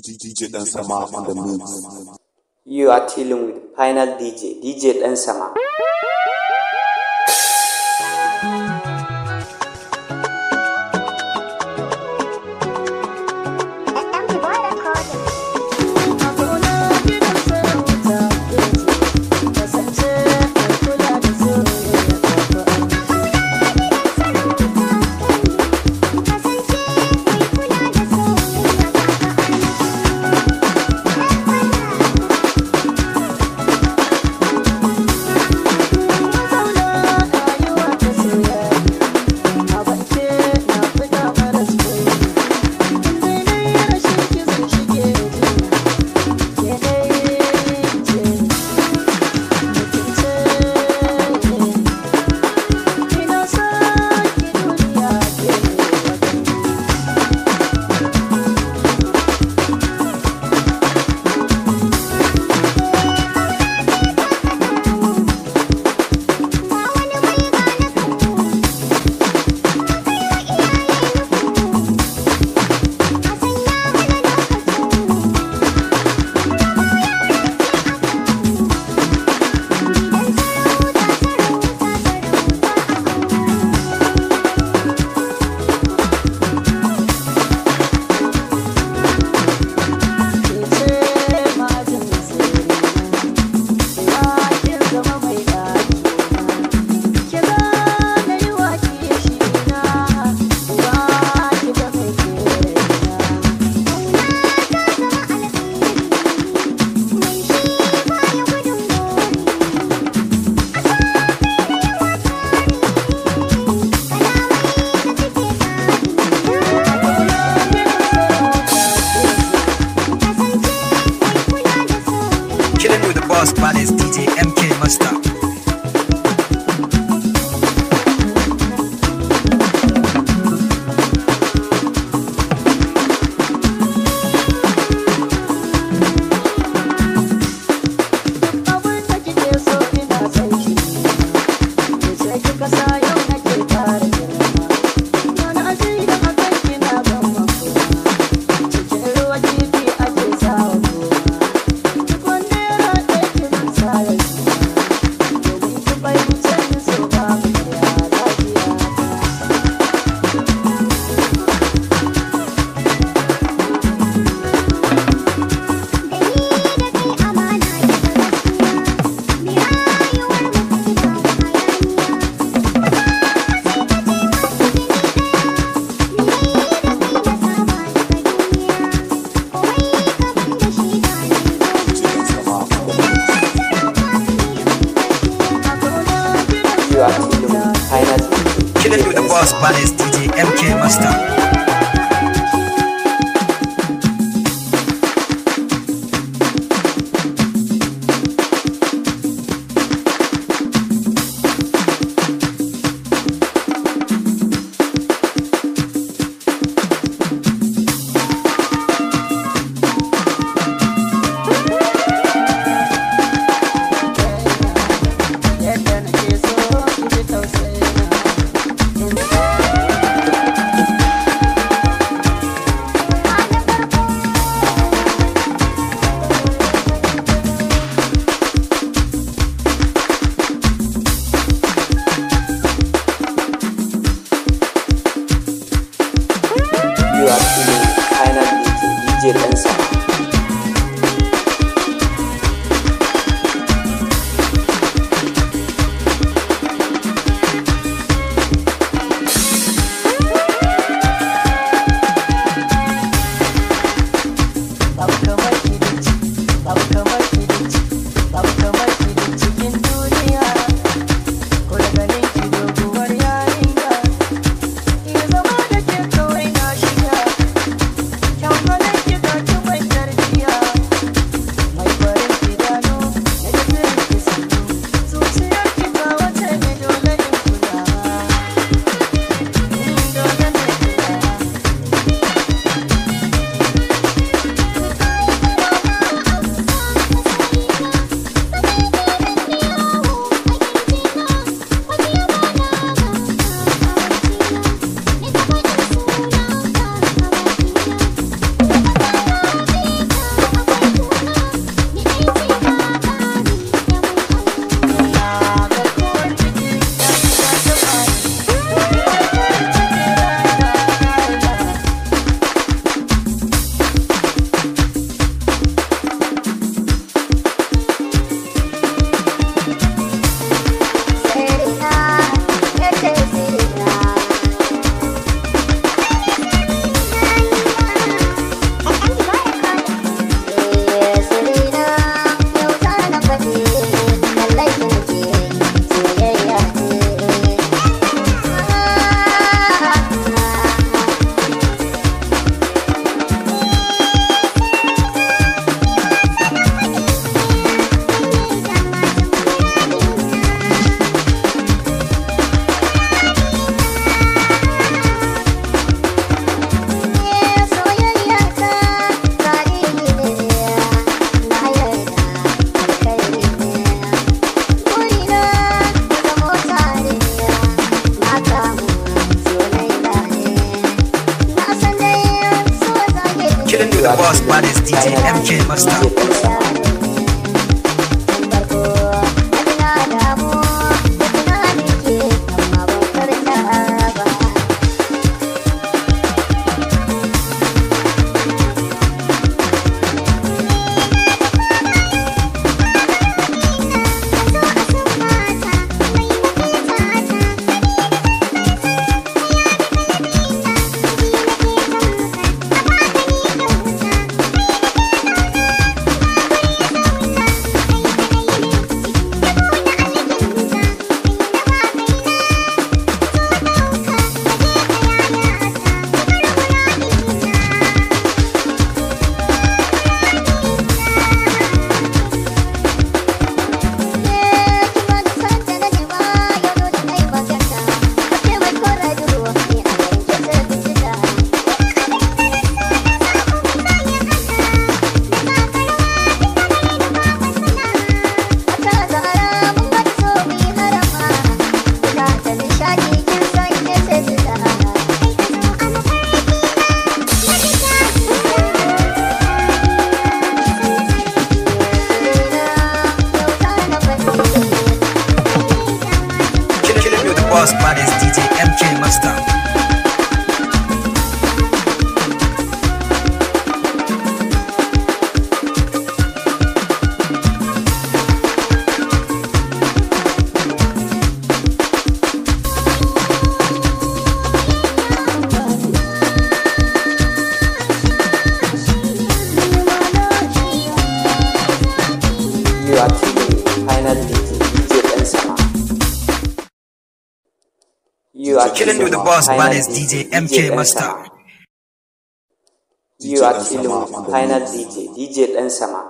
DJ Dan Sama on the mix. You are dealing with Final DJ, DJ Dan Sama. with the boss palace DJ MK Mustard. boss balance dj mk master you are feeling finally DJ Dancer. the boss, baddest DJ MK Master. Chilling with the Boss is DJ MK Master. You are chilling with Final DJ, DJ Ensama.